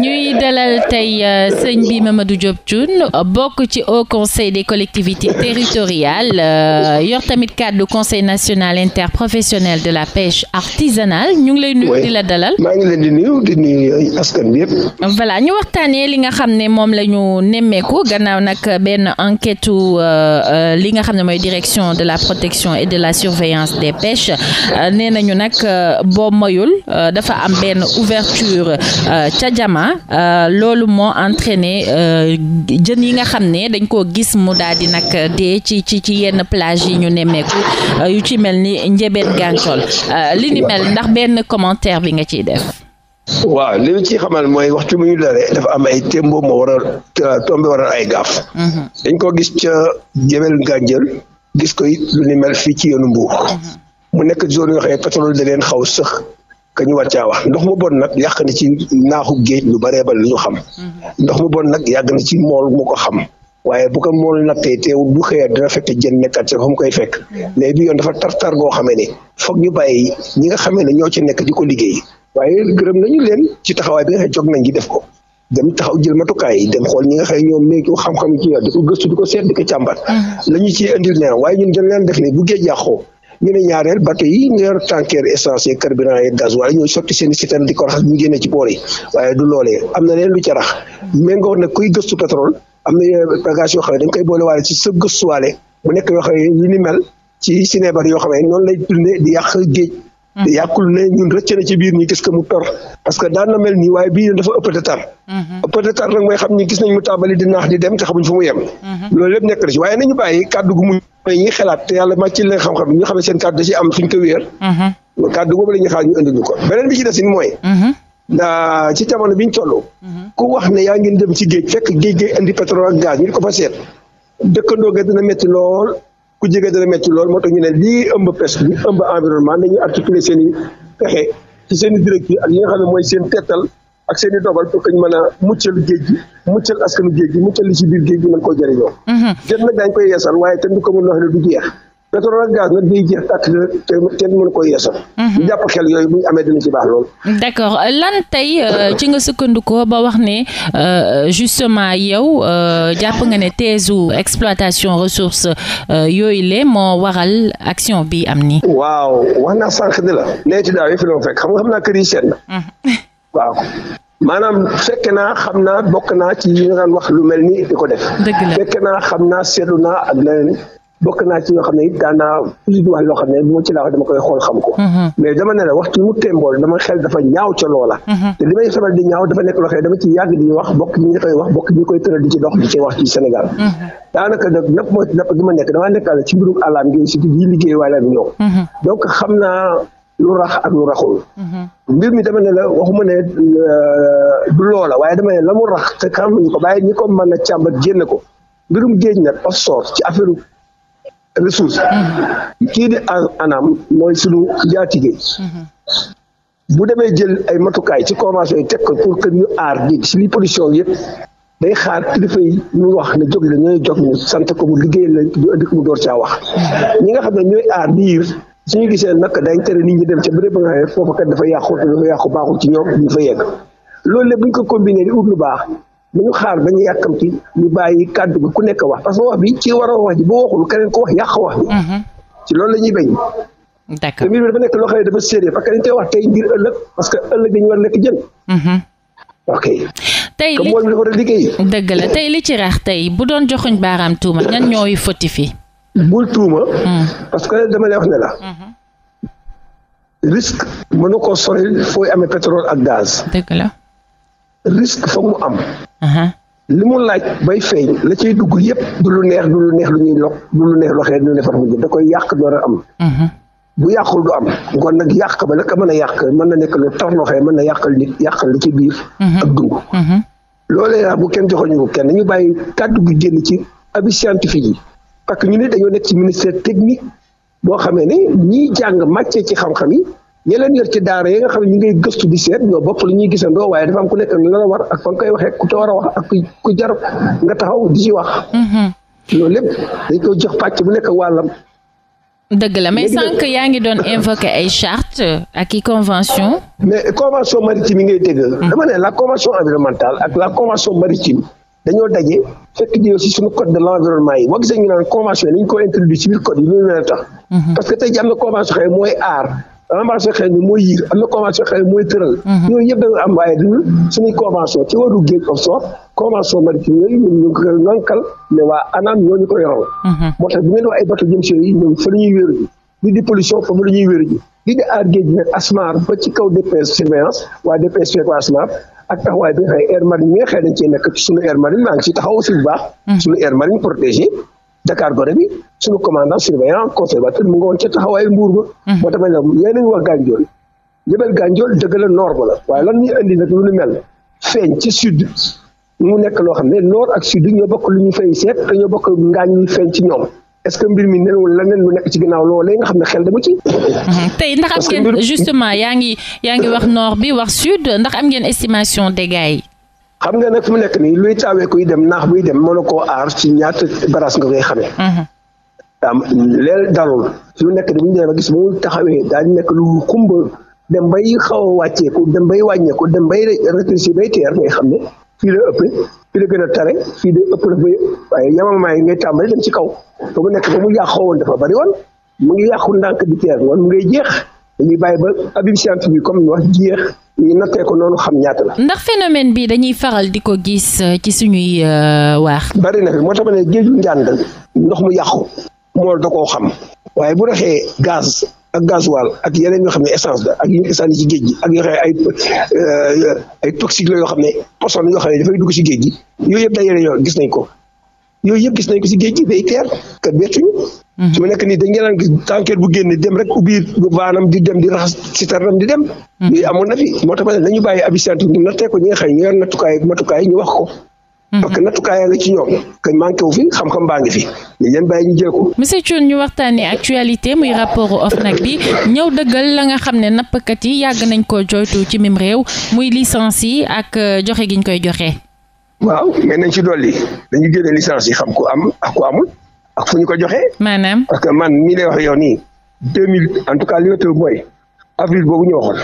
ñuy dalal tey euh, sëñ bi Mamadou Diop Thioune bokk ci Haut Conseil des collectivités territoriales euh, yor tamit cadre Conseil national interprofessionnel de la pêche artisanale ñu ngi lay nuyu dalal. maa ñu waxtaanee li nga xam ne moom la ñu nemmeeku gannaaw nag benn enquête euh, li nga xam ne mooy direction de la protection et de la surveillance des pêches nee nañu nag boo moyul dafa am benn ouverture ca jama loolu moo entraîné euh, jën yi nga xam ne dañ koo gis mu daal di nag dee ci ci ci yenn plage yi ñu nemmeeku euh, yu ci mel ni njebeen gàncol euh, li ni mel ndax benn commentaire bi nga ciy def waaw li ñu ci xamal mooy waxtu mu ñu lare dafa am ay témbo moo waral tombe waral ay gaaf mhm. dañ koo gis ca jebel gànjël gis ko it lu ni mel fii ci yoonu mbuur mhm. mu nekk zone yoo xam ne pétrole da leen xaw sëx ka ñu war caa wax ndox mu bon nag yàq na ci naaxu géej lu baree bari lu ñu xam mhm. ndox mu bon nag yàgg na ci mool mu ko xam waaye bu ko mool nattee teewul bu xëyee dina fekk jën nekkaat ca fa mu koy fekk léegi mhm. bi yoon dafa tartar goo xamee ne foog ñu bàyyi ñi nga xamee ne ñoo ci nekk di ko liggéey waaye gërëm nañu leen ci taxawaay bi nga xam jog nañ gi def ko dem taxaw jël matukaay yi dem xool ñi nga xëy ñoom méeko xam-xam ci yor di ko gëstu di ko seet di ko càmbat mhm. la ñu ciy indil neen waaye ñun dañ leen def ñu ne ñaareel bateau yi ñu yor tanker essence yi carburant yi gasoil ñooy sotti seen citerne di ko raxas ñu génne ci boor waaye du loolee am na leen lu ca rax méngoo nag kuy gëstu pétrole am na bagage yoo xam waale mu nekk yoo ci sinébar yoo xam noonu lay dundee di yàq géej hmm. yàqul ne ñun rëcc ci biir ñu gis ko mu tor parce que daan na mel nii waaye bii dafa ëpp de tar hmm. ëpp de tar nag mooy xam ni gis nañ mu tàmbali di naax di dem mooy ñi xalaat te yàlla màcc leen xam-xam ñu xam ne seen kàddu da ci am fi ñu ko wéer mhm. kàddu boobu la ñuy xaar ñu indil ñu ko beneen bi ci des ni mooy mhm. ndaa ci jamono bi ñu toll mhm. ku géej fekk géej géej indi pétrole ak ñu di ko fa seet dëkkandoo ga dina metti lool ku jege dina metti lool moo tax ñu ne lii ëmb pes li ëmb environnement nañu articuler seen i pexe ci seen i directive ak yi nga mooy seen tettal ak seen i dogal pour que ñu mën a muccal géej gi muccal askanu géej muccal li ci biir géej gi mën koo jëriñoo. Mhm. jën nag daañu koy yeesal waaye kenn du ko mën a wax ne du jeex. nag day mhm. yooyu bu ñu amee dina ci baax lool. d' accord lan tey euh, ci nga sukkandikoo ba wax ne euh, justement yow euh, jàpp nga ne teesu exploitation ressource yooyu le moo waral action bi am ni waaw wax na sànq de la. nawet daaw yëpp la fekk xam nga xam naa kër yi seen na. Mhm. waaw maanaam fekke naa xam naa bokk naa ci yi nga daan wax mel nii di ko def. fekke naa xam naa seetlu naa ak leneen bokk naa ci yoo xam ne it daan naa di wax loo xam ne bu ma ci laaw dama koy xool xam ko. Mm-hmm. mais dama ne la waxtu mu témbool dama xel dafa ñaaw ca loola. Mm-hmm. te li may sabal di ñaaw dafa nekk loo xam ne dama ci yàgg di wax bokk ñi nga koy wax bokk ñi koy tëral di ci dox di ci wax ci Sénégal. Mm-hmm. daanaka nag napp mooy napp gi ma nekk damaa nekkaale ci mbirum àllam gi surtout yi liggéey waay la ñoom. donc xam naa lu rax ak lu raxul. Mhm. mbir mi dama ne la waxuma ne euh, du loola waaye dama ne la mu rax te xam ko bàyyi ñi ko mën a càmbat génne ko mbirum géej nag offshore ci affaire ressource. Mhm. kii di anam mooy sunu njaatige. Mhm. bu demee jël ay matukaay ci convention yi teg ko pour que ñu aar géej si li pollution yëpp day xaar kilifa yi ñu wax ne jóg la ñooy jóg ñu sant ko liggéey la ñu indi mu door caa wax ñi nga xam ne ñooy aar biir. suñu gisee nag daañu tere nit ñi dem ca bu dee ba nga xam foofu kat dafa yàqu dafa yàqu baaxul ci ñoom ñu fa yegg loolu lépp ñu ko combiné di ut lu baax bu ñu xaar bañu yàkkamti ñu bàyyi kàddu bi ku nekk wax parce que wax bi ci war ko wax yàq wax bi mhm. ci loolu la ñuy bañ te mbir dafa nekk loo xam ne dafa sérieux parce que dañ koy wax tey ngir ëllëg parce que ëllëg dañu war a nekk jël mhm. ok tey li dafa war a liggéey dëgg la tey li ci rax tey bu doon joxuñ baaraam tuuma ñan ñooy foti fii Mm-hmm. bul tuuma. Mm-hmm. parce que dama lay wax ne la. Mm-hmm. risque na koo sori fooy amee pétrole ak gaz. dëgg la. risque mu am. li mu laaj bay feeñ la cay dugg yépp du lu neex du lu neex lu ñuy lox du lu neex loxee du lu neex far mu da koy yàq door a am. bu yàqul du am kon nag yàq ba la ko mën a yàq mën na nekk lu tar loxee mën na yàqal nit yàq lu ci biir. ak dund. loolee bu kenn joxoon ñu ko kenn ñu bàyyi kàddu gi génn ci abi scientifique yi. parce ñu ñu ne dañoo nekk ci ministère technique boo xamee ne ñiy jàng màccee ci xam-xam yi ñi leen ci daara yi nga xam ne ñu ngay gëstu di seet ñoo bokk lu ñuy gisandoo waaye dafa am ku nekk la la war ak fa nga koy waxee ku te war a wax ak ku jar nga taxaw di ci wax. Mm-hmm. loolu lépp dañ koy jox pàcc bu nekk wàllam. dëgg la mais sànq yaa ngi doon invoqué ay charte ak i convention mais convention maritime yi ngay dégg. Mm-hmm. dama ne la convention environnementale ak la convention maritime. dañoo daje fekk ji aussi suñu code de l'environnement yi boo gisee ñu naan convention yi nañu ko introduire biir code yi loolu la tax mhm. parce que tey ji am na convention xëy mooy aar am na convention xëy ni mooy yiir am na convention xëy mooy tëral mhm. ñooñu yëpp am waaye duñu suñuy convention ci wàllu géej offshore ñu ko nankal ne waa ANAM ñooñu ko yoroo moo tax bu ngeen wax ay bateau jëm si yooyu ñoom fa la ñi di pollution foofu la ñuy wéru ji li di aar géej gi nag asmar ba ci kaw DPS surveillance waa DPS fekk ngi si taxaw aussi bu baax hmm. suñu air marine protégé Dakar Gorée bi suñu commandant surveillant hmm. moo tax ma ne yéen a ngi wax gànjool jëbel gànjool waaye lan indi nag lu feeñ ci sud mu nekk loo xam ne nord ak sud ñoo bokk lu ñu fay seet ñoo bokk ngaañ yi feeñ ci ñoom est-ce que mbir mi la leneen lu nekk ci ginnaaw loolee nga xam ne xel dama ci. Mhm. tey ndax am ngeen justement yaa ngi yaa ngi wax nord bi wax sud ndax am ngeen estimation dégâts yi. xam nga nag fu mu nekk nii luy taawee kuy dem naax buy dem mën na koo aar ci ñaata nga koy xamee. Mhm. am leel dalul su nekk nii bu ñu demee ba gis bu nekk lu kumba dem bay xaw a wàcceeku dem bay wàññeeku dem bay rétrécir bay teer ngay xam ne. fii la ëppee fii la gën tare fii la ëpp la ba waaye yamamaay yi ngay tàmbali dem ci kaw ba mu nekk ba mu yàqoo woon dafa bari woon mu ngi yàqu ndànk di teer woon mu ngay jeex dañuy bàyyi ba abib science bi comme ñu wax jeex ñu nattee ko noonu xam ñaata la. ndax phénomène bi dañuy faral di ko gis euh, ci suñuy euh, waax. bari na fi moo tax ma ne géeju njànd ndox mu yàqu. moo da koo xam waaye bu doxee gaz ak gasoil ak yeneen yoo xam ne essence la ak yu ñu sànni ci ak yoo xam ne ay euh, ay toxique yoo xam ne poison yoo xam ne dafay dugg si géej gi yooyu yëpp da dajale yoo gis nañ ko yooyu yëpp gis nañ ko si géej gi day teer que bettuñu. mu mhm. ma nekk nii dañ daan gis tanker bu génnee dem rek ubbi baanam di dem di raxas citernam di dem. yooyu mhm. amoon na fi moo tax ma ne nañu bàyyi abi santu ñu nattee ko ñi nga xam ne ñu yor nattukaay matukaay ñu wax ko. Mhm. parce que nattukaay yaa ngi ci ñoom kañ manqué wu fi xam-xam baa ngi fi mais yéen bàyyi ñu jël ko. monsieur Thioune ñu waxtaanee actualité muy rapport OFNAC bi ñëw dëggal la nga xam ne nappkat yi yàgg nañ koo joytu ci mim réew muy licence yi ak euh, joxe gi ñu koy joxe. waaw mais nañ ci dolli dañu génne licence yi xam ku am ak ku amul ak fu ñu ko joxe maanaam parce que man mii lay wax yoon nii deux mille en tout cas li wetu mooy boobu ñu waxoon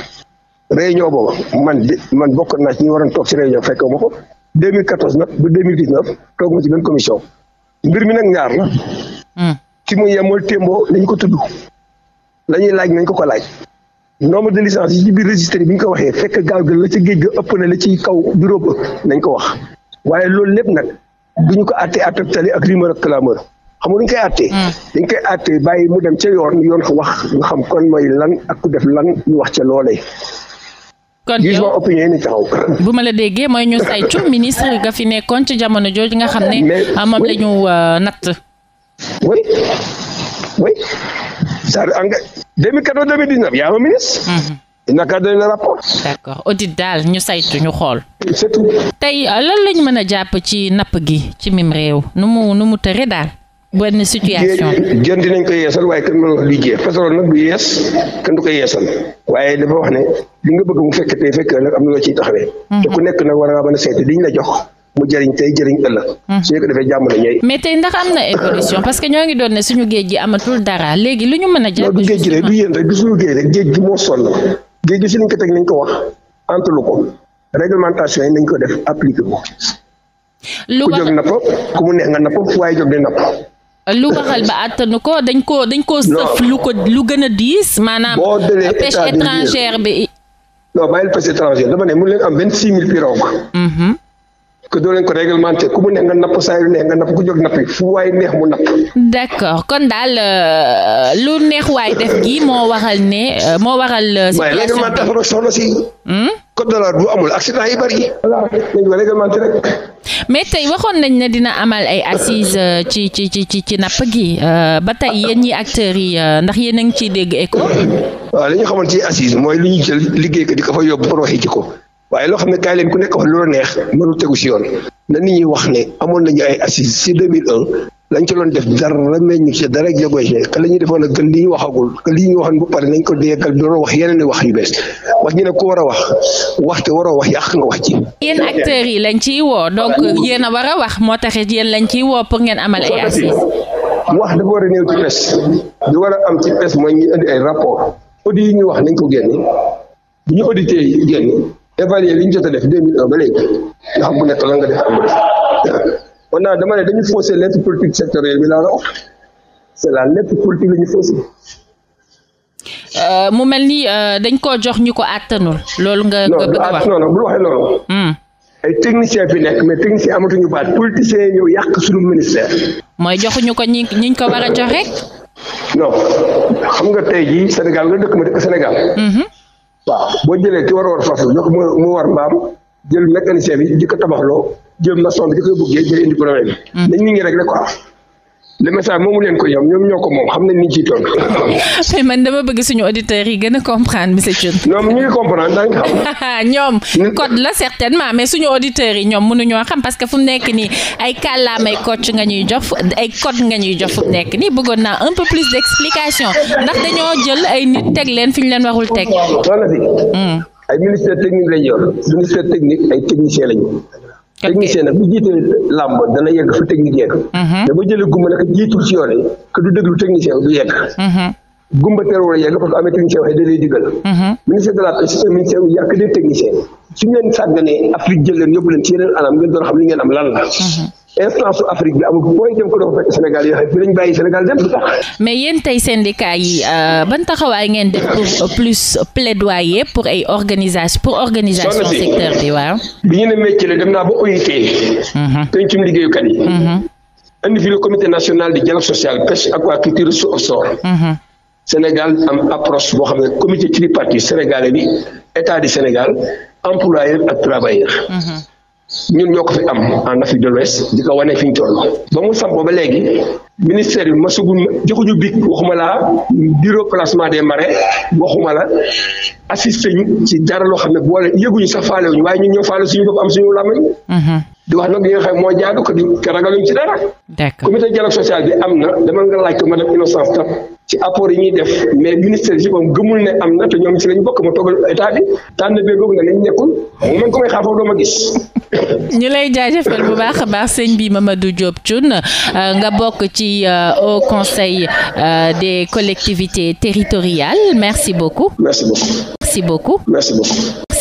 réunion boobu man man bokk naa ci ñu waroon toog si réunion fekk ma ko. 2014 nag ba 2019 toog ma ci benn commission mbir mi nag ñaar la. ci hmm. mu yemool témboo lañ ko tudd la ñuy laaj nañ ko ko laaj. nombre de licence yi ci biir registre bi ñu ko waxee fekk gaal ga la ca géej ga ëpp na la ci kaw bureau ba nañ ko wax waaye loolu lépp nag duñu ko àttee àttab tali ak rumeur ak clameur xam nga duñ koy àttee. Hmm. dañ koy àttee bàyyi mu dem ca yoon yoon ko wax nga xam kon mooy lan ak ku def lan ñu wax ca loolee. kon yow bu ma la déggee mooy ñu saytu ministre nga fi nekkoon ci jamono jooju nga xam ne ah, moom la ñu euh, natt oui oui ça en 2014 2019 yaa ma ministre mhm. naka dañ la rapport. d'accord daal ñu saytu ñu xool. c'est tout. tey euh, lan lañ mën a jàpp ci napp gi ci mim réew nu mu nu mu tëre daal. benn situation jën dinañ ko yeesal waaye kenn mën wax luy jeex parce nag du yees kenn du ko yeesal waaye dafa wax ne li nga bëgg mu fekk tey fekk nag am na loo ciy taxawee mhm. te nekk nag war ngaa mën a la jox mu jëriñ tey jëriñ ëllëg mhm. su ñu ko jàmm ñooy mais tey ndax am na évolution parce que ñoo ngi doon ne suñu géej gi amatul dara léegi lu ñu mën a jàpp du géej gi rek du yéen rek du suñu géej gi moo sonn géej gi su ñu ko teg nañ ko wax entre lu ko réglementation yi nañ ko def appliqué ko ku jóg napp ku mu neex nga napp waaye jóg di napp lu waral ba àttanu ko dañ ko dañ ko sëf lu ko lu gën a diis maanaam pêche étrangère bi non bàyyil pêche étrangère dama ne mun leen am vingt six mille que doo leen ko réglementer ku mu neex nga napp saa yu neex nga napp ku jóg nappi fu waay neex mu napp. d'accord kon daal euh, lu neex waay def gi moo waral ne euh, moo waxal euh, situation réglementation soxna si. Hmm? code bu amul accident yi bari. mais tey waxoon nañ ne dina amal ay assises ci ci ci ci ci napp gi ba tey yéen ñi acteurs yi ndax yéen a ngi ciy dégg écho. waaw li ñu xamoon ci assise mooy lu ñu jël liggéey ko di ko fa yóbbu pour waxi ci ko. waaye loo xam ne kaay leen ku nekk wax lu neex mënul tegu si yoon na nit ñi wax ne amoon nañu ay assises si 2001 lañ ci doon def dara meññ ci dara jagosé que la ñuy defoon ak li ñu waxagul que li ñu waxoon bu pare nañ ko déyegal doon wax yeneen wax yu bees wax ñu ne ku war a wax waxte waroo wax yàq nga wax ci yéen acteurs yi ciy woo donc yéen a war a wax moo taxit yéen lañ ciy woo pour ngeen amal ay wax dafa war a néew ci presse di war a am ci presse mooy ñu indi ay rapport audit yi ñu wax nañ ko génne bu ñu audité yi génne évaluer li ñu jot a def 2001 ba léegi nga xam bu nekk lan nga def am mu def on a dama ne dañu faussé lettre politique sectorielle bi laa la wax c'est la lettre politique la ñu faussé. Euh, mu mel ni euh, dañ ko jox ñu ko àttanul. loolu nga nga bëgg a wax waxee loolu. Hmm. ay techniciens fi nekk mais techniciens amatuñu baat politiciens yi yàq suñu ministère. mooy joxuñu ko ñi ñiñ ko war a jox non xam nga tey jii Sénégal nga dëkk ma dëkk Sénégal. Mm-hmm. waaw boo jëlee ki war a war fas bi donc mu war maam jël mécanicien bi di ko tabaxloo jël maçon bi di koy buggee jël indi problème bi. Hmm. nañ nit ñi rek la quoi. le message moomu leen ko ñoom ñoom ñoo ko moom xam nañ ni ciy tontu. mais man dama bëgg suñu auditeurs yi gën a comprendre monsieur Thioune. ñoom ñu comprendre daañu xam. ñoom code la certainement mais suñu auditeurs yi ñoom mënuñoo xam parce que fu mu nekk nii ay kàllaamay coach nga ñuy jox ay code nga ñuy jox fu nekk nii bëggoon naa un peu plus d' explication ndax dañoo jël ay nit teg leen fi ñu leen warul teg. Hmm. ay ministère technique lañ yor ministère technique ay technicien lañu. technicien nag bu jiitee làmb dana yegg fa technique mhm. yegg mais bu jëlee gumba nag jiitul ci yoon yi que du déglu technicien du yegg mhm. gumba teerwul a yegg parce que technicien waxee da diggal mhm. ministère de la paix c'est un ministère où il y a que des techniciens suñu leen sàgganee anam ngeen doon xam li ngeen am lan la instance su Afrique bi amul booy dem ko doon fekk Sénégal yoo xam ne lañ bàyyi Sénégal dem du tax. mais yéen tey syndicat yi euh, ban taxawaay ngeen def euh, plus plaidoyer pour ay organisation pour organisation secteur bi waaw. bi ñu ne métier la dem naa ba OIT. Mhm. pencum liggéeyukat yi. indi mhm. fi le comité national de dialogue social pêche aquaculture ressources offshore. Mhm. Sénégal am approche boo xam ne comité tripartite sénégalais bi état du Sénégal employeur ak travailleur. ñun ñoo ko fi am en Afrique de l'Ouest di ko wane fi ñu toll ba mu samp ba léegi ministère bi ma sugul joxuñu bic waxuma laa bureau classement des marais waxuma la assisté ñu ci dara loo xam ne boole yëguñu sax faale wuñu waaye ñun ñoo faale suñu bopp am suñu làmmiñ mm-hmm. di wax nag moo jaadu ko di ko ragaluñ ci dara. d'accord comité dialogue social bi am na dama nga laaj ko madame Innocence tam ci apport yi ñuy def mais ministère yi moom gëmul ne am na te ñoom ci lañ bokk ma toogal état bi tànn bee googu ne lañ nekkul mu man may xaar foofu doo gis. ñu lay jaajëfal bu baax a baax sëñ bi Mamadou Diop Thioune euh, nga bokk ci euh, au conseil euh, des collectivités territoriales merci beaucoup. merci beaucoup. merci beaucoup. merci beaucoup.